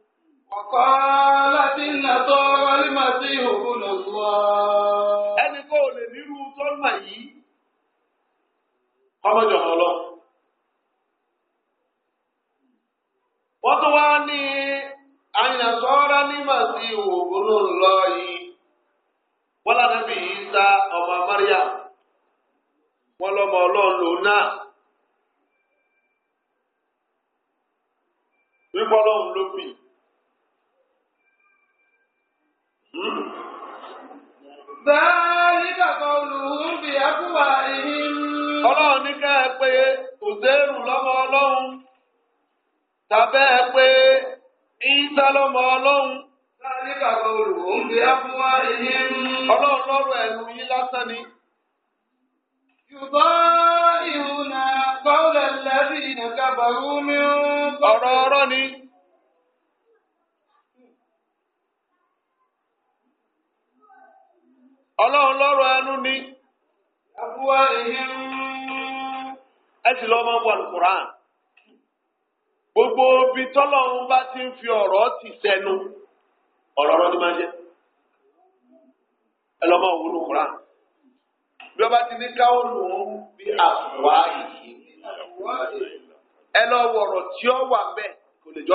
وقالت النصارى المسيح ابن الله ẹnì kò lè nírú tọ́nà yìí ọmọdé ọmọ wọ́n wá ní àyànṣọ́ra ní màsíhù ògbónú lọ yìí wọ́n lára bí ọmọ Maria wọ́n lọ́mọ ọlọ́run náà. wípọ́ ló bì ذلك قولهم بأفواههم ọlọ́run ní ká ẹ pé òzèrù lọ́mọ ọlọ́run tàbẹ́ ẹ pé ìyíta lọ́mọ ọlọ́run. láàrínkà olùwò ń bí afúnwá èyí ń. ọlọ́run lọ́rọ̀ ẹnu ni àbúwá ìhìn ẹ sì lọ́ọ́ máa ń wà lùkùrán. gbogbo ibi tọ́lọ́run bá ti ń fi ọ̀rọ̀ ti sẹ́nu ọ̀rọ̀ ọ̀rọ̀ ni máa jẹ́ ẹ lọ́ọ́ máa wò lùkùrán. bí wọ́n ti ní káwọn lù ú bí àbúwá ìhìn ẹ lọ wọ ọ̀rọ̀ tí ó wà mbẹ kò lè gidi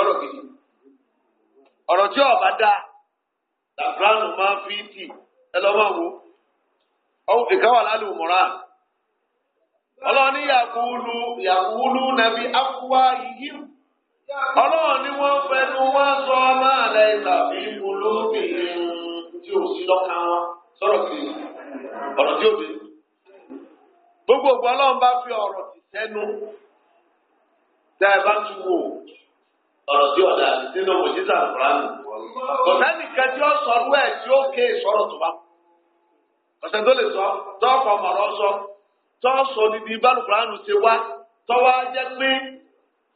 ọ̀rọ̀ tí ó bá dáa máa fi tì í. ẹ lọ́ máa wò ọ̀hún ìkáwà ní yàkúlù yàkúlù nàbí akúwá yìí ọlọ́run ní fẹnu wọn sọ ọmọ alẹ tàbí olóbìnrin tí ò tí o gbogbo ògbó ọlọ́run bá fi ọ̀rọ̀ ẹ bá tún wò tí ọ̀dà nínú kúránù. kọ̀sẹ́nìkan tí sọ̀rọ̀ ẹ̀ tí ó ké sọ̀rọ̀ tó bá tó lè sọ tọ́kọ̀ mọ̀rọ̀ sọ tọ́sọ níbi bálùkùránù ṣe wá tọ́wọ́ jẹ́ pé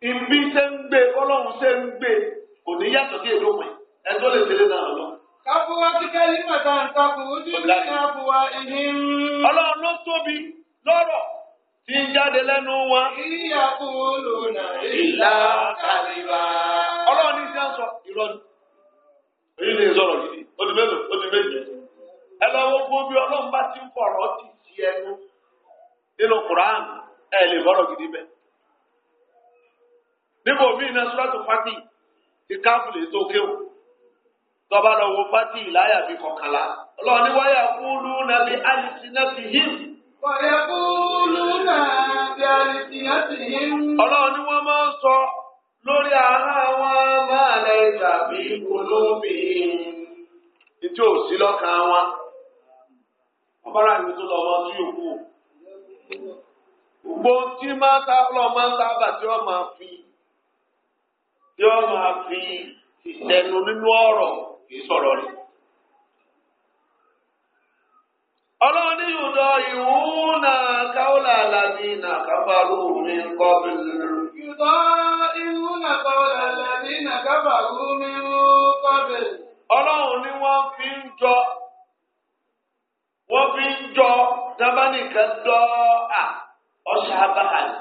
ibi ṣe ń gbé ọlọ́run ṣe ń gbé kò ní yàtọ̀ sí èdè òpin ẹ tó lè tẹ̀lé náà lọ. káfíwá ti kẹ́lí màtá nǹkan kò ojú ní àbúwá ìhín. ọlọ́run ló tóbi lọ́rọ̀ tí ń jáde lẹ́nu wọn. ìyàwó lòlá ìlà kàlíbà. ọlọ́run èyí ni sọ̀rọ̀ gidi ó di mélòó méje ẹ lọ wo gbogbo bí bá ti ń fọ̀rọ̀ ti ti ẹnu nínú Quran ẹ lè bọ́rọ̀ gidi bẹ́ẹ̀. níbo mi iná sọ́dọ̀tù fati ti káfílì tó kéwù tọ́ba lọ wo fati ìláyà bíi kọkànlá ọlọ́run ní wáyà kúlú nàbí àlìsí nàbí hìm. wáyà kúlú nàbí àlìsí nàbí hìm. ọlọ́run ni wọ́n máa ń sọ. lórí ara wọn máa lẹ ìgbàgbé olómi ìjọ òsì lọ́kàn wọn. ọbára mi tó tí yóò kú. gbogbo tí máa ta lọ máa ń sábà tí wọ́n máa fi tí wọ́n fi ìṣẹ́nu nínú ọ̀rọ̀ kì rẹ̀. ọlọ́run ní káwọ́lá àlàní ní قول الذين كفروا ọlọ́run ni wọ́n fi ń jọ wọ́n fi ń jọ dábàánìkan dọ́ à ọ̀ṣà abáhàlì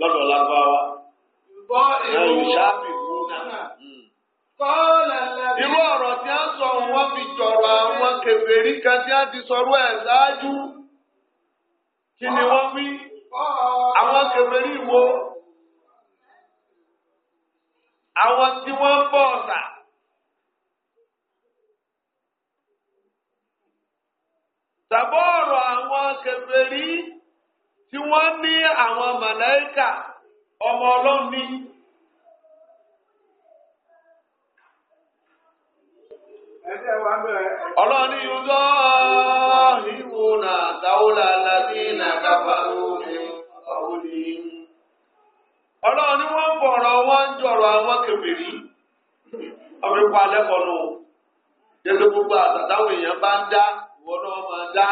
lọ́dọ̀ lágbáwá. ìbọn ìlú hmm. irú ọ̀rọ̀ tí a sọ wọ́n fi jọ̀rọ̀ àwọn àwọn tí wọ́n ń bọ ọ̀sà. tàbí ọ̀rọ̀ àwọn kèfèrí tí wọ́n ní àwọn ọmọ ọlọ́run ní. yóò lọ́ọ́ ìwò náà dáwọ́ làlábí ọlọ́run ni wọ́n ń bọ̀rọ̀ wọ́n ń jọ̀rọ̀ àwọn kèfèrí ọmọ ipa lẹ́kọ̀ọ́ nù jẹ́sẹ̀ gbogbo àtàtàwọn èèyàn bá ń dá ìwọ náà máa dá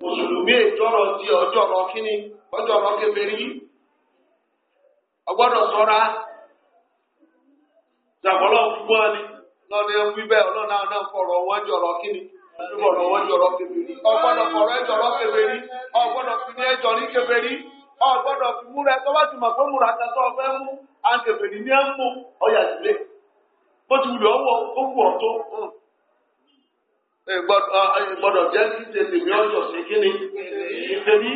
mùsùlùmí ìjọrọ̀ ti kínní ọgbọ́dọ̀ sọ́ra ìjàmọ́lọ́ gbogbo lọ́ni ẹ̀ wí bẹ́ẹ̀ ọlọ́run náà náà fọ̀rọ̀ wọ́n jọ̀rọ̀ ọ gbọ́dọ̀ fi múra ẹ tó bá ti mọ̀ pé múra kan tó ọfẹ́ mú àǹkẹ̀fẹ̀ ní ní ẹ̀ ń mú ọyà sílẹ̀ bó ti wùdí ọwọ́ ó kù ọ̀tún gbọ́dọ̀ jẹ́ kí tètè mi ọ̀yọ̀ sí kí ni ìtẹ̀lí.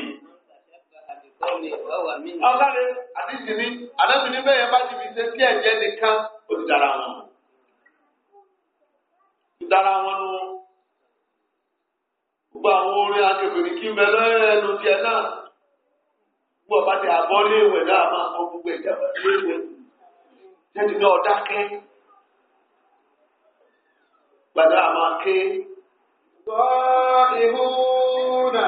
àdìsí ni àdàbí ni bẹ́ẹ̀ bá ti fi ṣe sí ẹ̀jẹ̀ nìkan ó wọn. ti wọn nu gbogbo àwọn orin agbègbè ní kí n bẹ lẹ́nu tiẹ̀ náà. bó ọba ti àbọ̀ ní ìwẹ̀ náà máa kọ́ gbogbo ìjàmbá ní ìwẹ̀ jẹ́ni ní ọ̀dákẹ́ gbàdá àmà ké. Sọ́ọ̀lìhúnà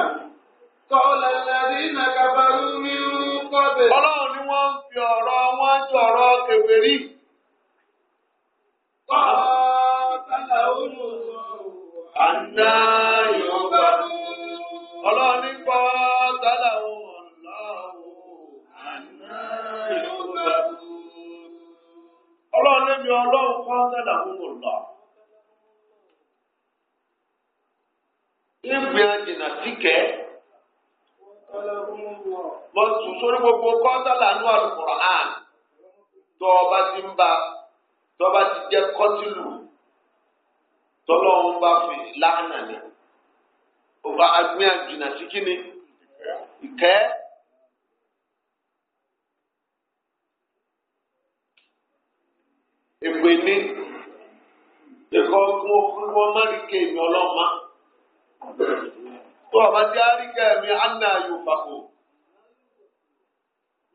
kọ́lá lẹ́rìnà ọrụ mi Ọlọ́run làwùmùlọ. ìgbìyàn jìnnà síkẹ́ lọ sùn sórí gbogbo kọ́ńtàlà ní alukur'an tó ọba ti ń ba tó ọba ti jẹ́ kọ́tìlù tọ́lọ́run bá fi láàánà ni ọba agbìyàn jìnnà sí kíni ìkẹ́. pè ní ẹ̀kọ́ kí wọ́n kí wọ́n má rí ké mi ọlọ́mà tó ọba tí a rí ké mi àná yóò fàkó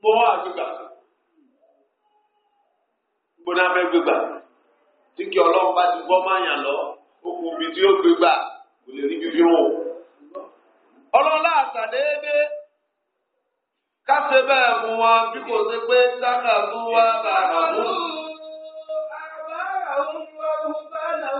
mọ́ àgbégbà gbóná fẹ́ gbégbà tí kí ọlọ́run bá ti gbọ́ máa yàn lọ okùn òbí tí ó gbégbà kò lè rí bíbí wọn. ọlọ́lá àtàdéédéé kásẹ̀ bẹ́ẹ̀ mú wọn bí kò ṣe pé sákàtúwà bàbá mú.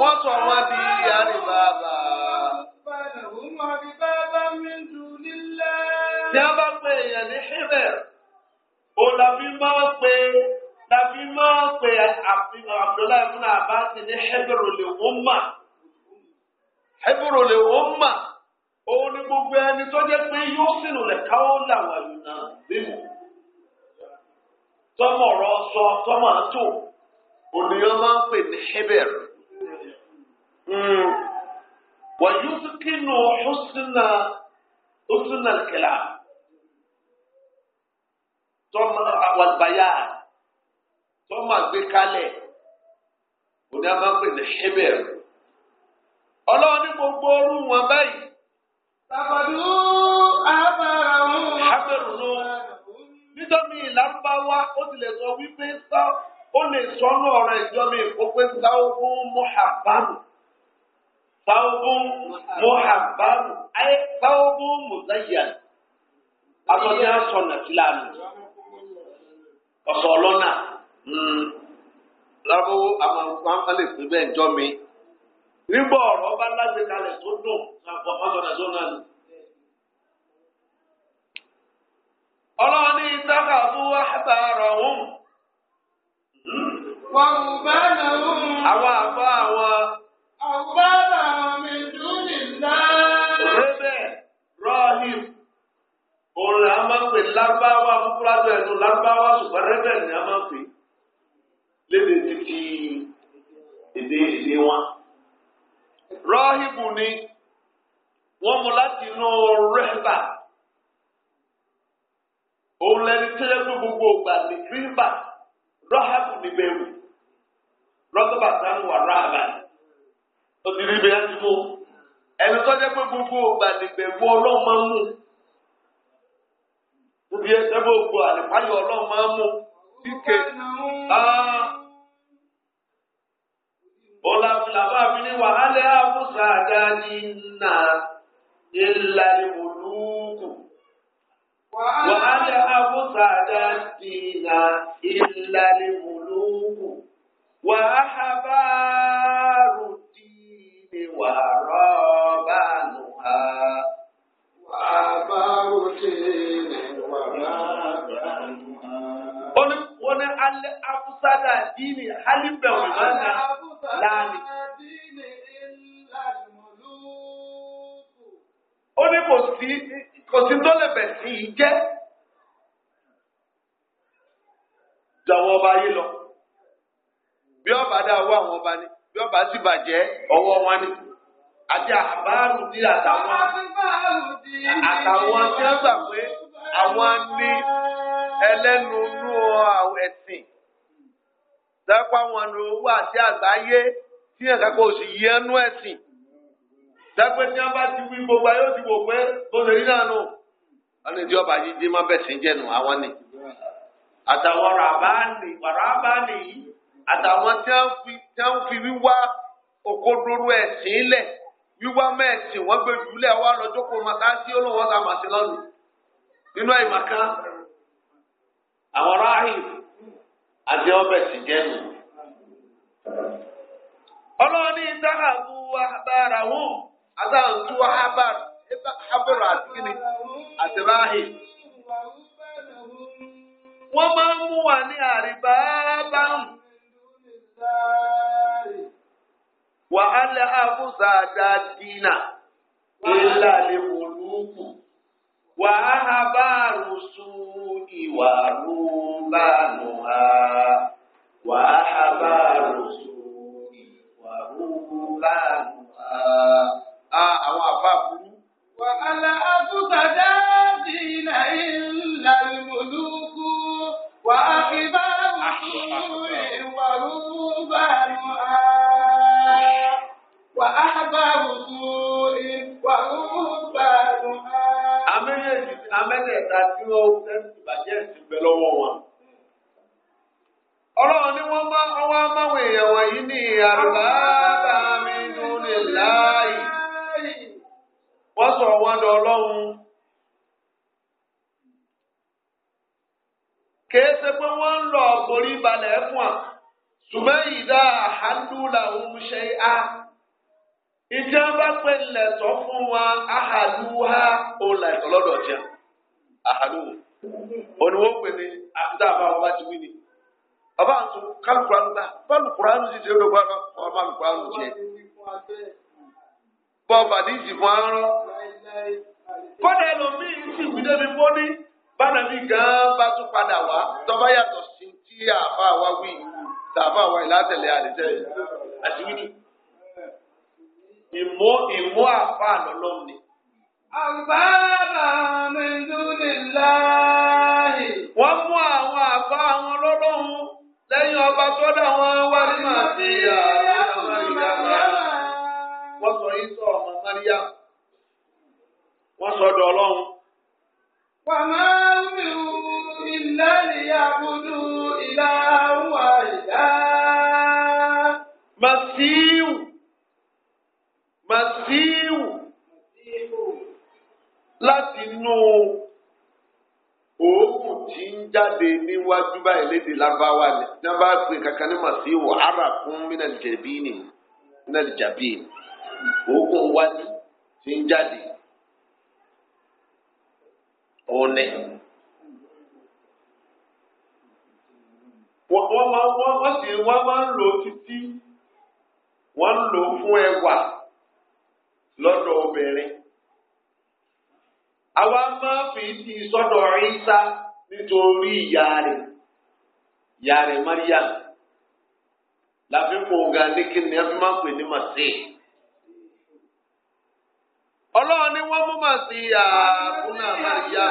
wọ́n sọ wọ́n di àríbàbà. Tí a bá pe èèyàn ní Hibẹ̀, o la fi máa pe la fi máa pe Abdullahi Ibn Abbas ní Hebron lè wọ́n mà. Hebron lè gbogbo ẹni tó pé sọ tọmọ àtò. pè ní ويتقن حسن حسن الكلام ثم والبيان ثم gbékalẹ̀ òní a máa ń pè ní hebel ọlọ́run ní gbogbo orú wọn báyìí. sàbàdú àbàràhùn. habẹ̀rù ló nítorí ìlànbáwá ó ti lè sọ wípé sá ó lè sọ ọ́nà ọ̀rọ̀ ìjọ mi kó fún muhammadu. Saubun muhabbabu ai saubun muzayyan. a sọ nà fìlà nù. Ọ̀sọ̀ ọlọ́nà lábọ́ àwọn àǹfààní pé bẹ́ẹ̀ jọ mi. Nígbà ọ̀rọ̀ bá lágbè kalẹ̀ tó dùn ṣàpọ̀ ọ̀sọ̀ awa. àgbàrá mi dùn nílá. Rẹ́bẹ̀ Rahim òun là á máa ń pè lágbáwá fúnfúnlá tó ẹnu lágbáwá ṣùgbọ́n rẹ́bẹ̀ ni a máa ń pè lédè títí èdè èdè wọn. Rahim ni wọ́n mú láti inú rẹ́bà òun lẹni tẹ́lẹ̀ fún gbogbo ògbà ní gírímbà Rahim ni bẹ́ẹ̀ wù lọ́tọ̀ bàtà ń wà ráàbà ni ó ti rí ibi láti mú ẹni tó jẹ́ pé gbogbo gbàdìgbẹ̀ wo ọlọ́run máa ń mú níbi ẹsẹ̀ gbogbo àlùfáyọ̀ ọlọ́run máa ń mú kíkẹ́ bọ́lá ah. làbá mi ní wàhálẹ́ àbúsà dání nà ilà ìwòlúùkù wàhálẹ́ àbúsà dání nà ilà ìwòlúùkù wàhábàá. ورهبانها وآباء دين ورهبانها wani hali abusada dini halin bai wannan lami. ó ní kò sí tó lè bẹ̀ sí i jẹ́ jọ̀wọ́ ọba yìí lọ bí ọba dá owó àwọn ọba ni bá sì bàjẹ́ ọwọ́ wọn ni àti àbáàrù di àtàwọn àtàwọn tí wọ́n gbà pé àwọn ní ẹlẹ́nu inú ẹ̀sìn dápá wọn ní owó àti àgbáyé tí ẹ̀ka kò sì yí ẹnu ẹ̀sìn dápẹ́ tí wọ́n bá ti wí gbogbo ayé ó ti wò pé bó ṣe rí náà nù wọ́n ní ìjọba yìí dé má bẹ̀sìn jẹ́nu àwọn ni àtàwọn ràbáàní ràbáàní yìí. àtàwọn tí wọ́n fi wíwá ẹ̀sìn lẹ̀ wíwá mẹ́ẹ̀sìn wọ́n gbé jùlẹ̀ wá lọ́jọ́ kó sí olóhùn ọ̀sán màsí lọ́nu nínú ìmàká àwọn ráàyè àti ọbẹ̀ sì jẹ́nu. ọlọ́ọ̀ni wọ́n máa ń ní àríbá wà á lẹ àbúzà dáadínà ilà lè mọlúùkù wà á ha bá rùsù ìwà rúbánu ha wà á ha bá rùsù ìwà rúbánu ha. àwọn àbá burú. àbúzà dáadínà ilà lè mọlúùkù wà bá rùsù ìwà. mẹ́tẹ̀ẹ̀ta tí wọ́n fẹ́ẹ́ bàjẹ́ ìsìnkú lọ́wọ́ wọn. ọlọ́run ni wọ́n máa ọwọ́ máwọn èèyàn wọ̀nyí ní mi bàmí dúnlé láàyè. wọ́n sọ wọn dọ̀ ọlọ́run. kèé ṣe pé wọ́n ń lọ ọ̀gbọ̀rí balẹ̀ fún wa ṣùgbọ́n ìdá àhálù làwọn ṣe á. ìjọba pẹ̀lẹ̀ sọ fún wa àhàlù ha òun lọ́dọ̀ jẹun àhàlùwò oníwó pèsè àtúntà àbá ọba ti wí ni ọba àtú kálukura ń ta bálùkura ń ṣiṣẹ́ gbogbo àná ọba àlùkura ń ṣe bọ́ọ̀bà ní ìsìnkú arán kọ́dà ẹlòmíì sì wí débi fún ní bánàbí gan-an bá tún padà wá tọ́ba yàtọ̀ sí tí àbá wa wí tàbá wa ìlàtẹ̀lẹ̀ àdìtẹ̀lẹ̀ àti wí ni ìmọ̀ ìmọ̀ àfa àlọ́lọ́m ni àbábà mẹ́ndúnilláì. wọ́n mú àwọn àbá àwọn lọ́lọ́hún lẹ́yìn ọba tó dà wọ́n wá sí màá sí àwọn ìdáná. wọ́n sọ yín ọmọ Maria wọ́n sọ ọdọ̀ ọlọ́run. wàmà mímú ilé ìyàbùdù ìlà wà ìdá. Màsíwù Màsíwù láti inú òórùn tí ń jáde níwájú báyìí léde lábáwá ni ní wọn bá pè kankan ní màsíwò arakun minal jabini minal jabini òórùn wájú tí ń jáde òní. wọ́n máa wọ́n wọ́n sì wọ́n máa ń lò títí wọ́n ń lò fún ẹwà lọ́dọ̀ obìnrin. àwa máa fi ti sọ́dọ̀ Ìsá nítorí ìyá rẹ̀ ìyá rẹ̀ Maria láfíìmù ọ̀gá ní kí ni ẹ fi máa pè ní màsí. ọlọ́run ni wọ́n mú màsí àkúnà Maria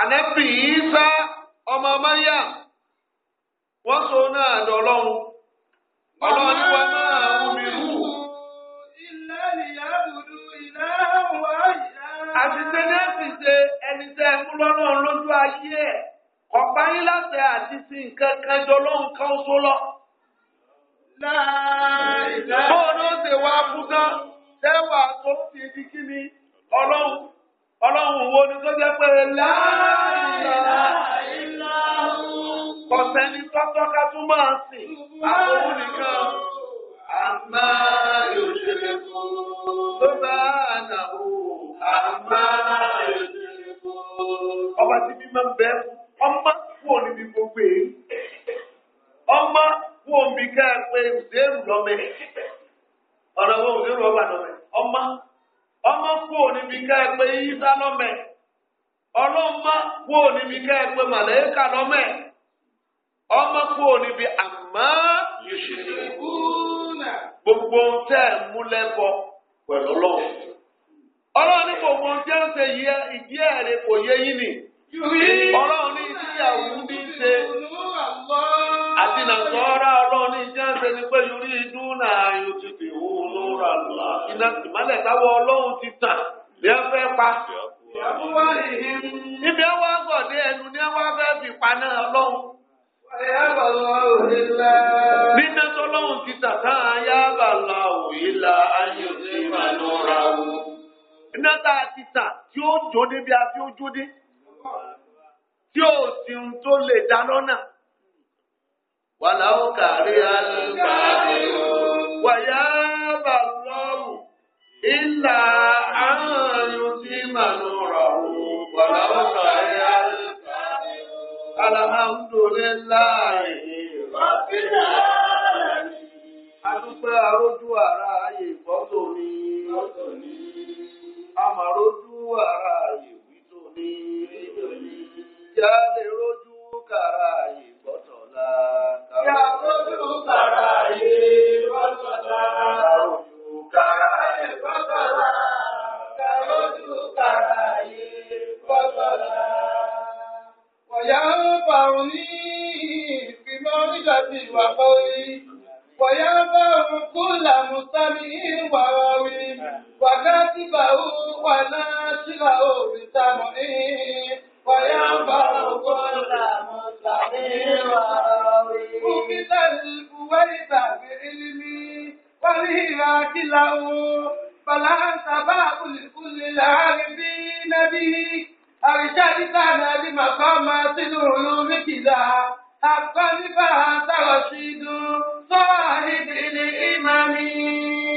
ànẹ́bì Ìsá ọmọ Maria wọ́n so náà dọ̀ ọlọ́run ọlọ́run ni wọ́n máa mú mi rú. ilé ìyá dúdú ìlà wáyé. àṣìṣe ní àṣìṣe ẹni tẹ́ ẹ mú lọ́nà lójú ayé ẹ̀ ọ̀pá yín láti àti sí nǹkan kan jọ lóhun kan oṣó lọ. bóòdó ṣe wá fún tán tẹ́wàá tó fi di kí ni ọlọ́run ọlọ́run wo ni tó jẹ́ pé láìláìlá kọ̀sẹ́ni tọ́tọ́ ká tún máa sìn àwọn nìkan. Àmà yóò ṣe lè fún. Tó bá àná òun ọba tí bí máa ń bẹ ọmọ kúrò níbi gbogbo èyí ọmọ kúrò níbi ká ẹ pé òdèrú lọ́mẹ ọ̀rọ̀ wo òdèrú ọba lọ́mẹ ọmọ ọmọ kúrò níbi ká ẹ pé yíyíṣá lọ́mẹ ọlọ́mọ kúrò níbi ká ẹ pé màlẹ́kà lọ́mẹ ọmọ kúrò níbi àmọ́ yìí ṣe gbogbo ohun tẹ́ pẹ̀lú ọlọ́run. ọlọ́run ní gbogbo tí ó yìí ṣe yẹ ìdí kò yé yín ni ọlọ́run ní ní í ṣe àti nàìjọ́ra ọlọ́run ní ìdí ẹ̀ṣẹ̀ ni pé yorí inú náà yóò ti fi lóra lọ iná pa. ibi ẹ wá gbọ̀ ẹnu ẹ wá fẹ́ fi pa náà ọlọ́run. Nínú ẹ̀sọ́ ti tàtà òyìnlá iná tá a ti tà tí ó jó bí a fi ó tí ó sì ń tó lè dáná náà. kàrí alùpàdé wàyà bà tí ó kàrí alùpàdé arójú ara ìfọ́tò amàrójú ara ìwí tó ní ìdòní. Yá lè rójú kàrà ìgbọ́tọ̀lá. Yá rójú kàrà ìgbọ́tọ̀lá. Rójú kàrà ìgbọ́tọ̀lá. Rójú kàrà ìgbọ́tọ̀lá. Wọ̀yá ń fa òní ìfimọ́ nígbà ìwà kọ́ وينبغي كل مستمع وراو وكاتبه وناشره بسمعه وينبغي كل مستمع وراو وكذا الكويت بعلمي والهراك له فلا تباع لكل العالمين به أرشدتنا لمقامات العلوم كذا حقا بها ترشيد الزاهد الإمامي